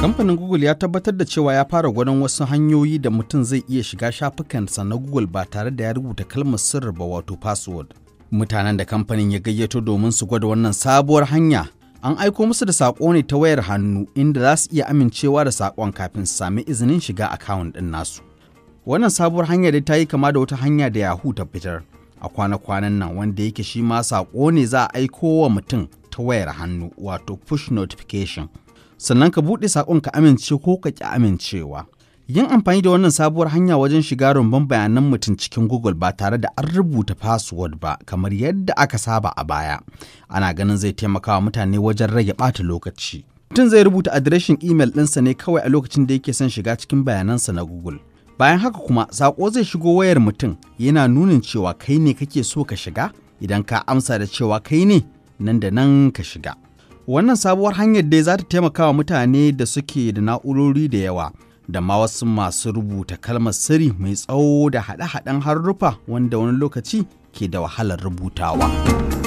Kamfanin Google ya tabbatar da cewa ya fara gwanon wasu hanyoyi da mutum zai iya shiga shafukansa na Google ba tare da ya rubuta kalmar sirri ba wato password. Mutanen da kamfanin ya gayyato domin su gwada wannan sabuwar hanya an aiko musu da sako ne ta wayar hannu inda za su iya amincewa da saƙon kafin su sami izinin shiga akawun ɗin nasu. Wannan sabuwar hanya dai ta yi kama da wata hanya da Yahoo ta fitar a kwana-kwanan nan wanda yake shi ma saƙo ne za a aiko wa mutum ta wayar hannu wato push notification. sannan ka buɗe saƙon ka amince ko ka ƙi amincewa. Yin amfani da wannan sabuwar hanya wajen shiga rumbun bayanan mutum cikin Google ba tare da an rubuta password ba kamar yadda aka saba a baya. Ana ganin zai taimaka wa mutane wajen rage ɓata lokaci. Mutum zai rubuta adireshin imel ɗinsa ne kawai a lokacin da yake son shiga cikin bayanansa na Google. Bayan haka kuma saƙo zai shigo wayar mutum yana nunin cewa kai ne kake so ka shiga idan ka amsa da cewa kai ne nan da nan ka shiga. Wannan sabuwar hanyar dai za ta taimaka wa mutane da suke da na'urori da yawa, da ma wasu masu rubuta kalmar sirri mai tsawo da haɗe-haɗen haruffa wanda wani lokaci ke da wahalar rubutawa.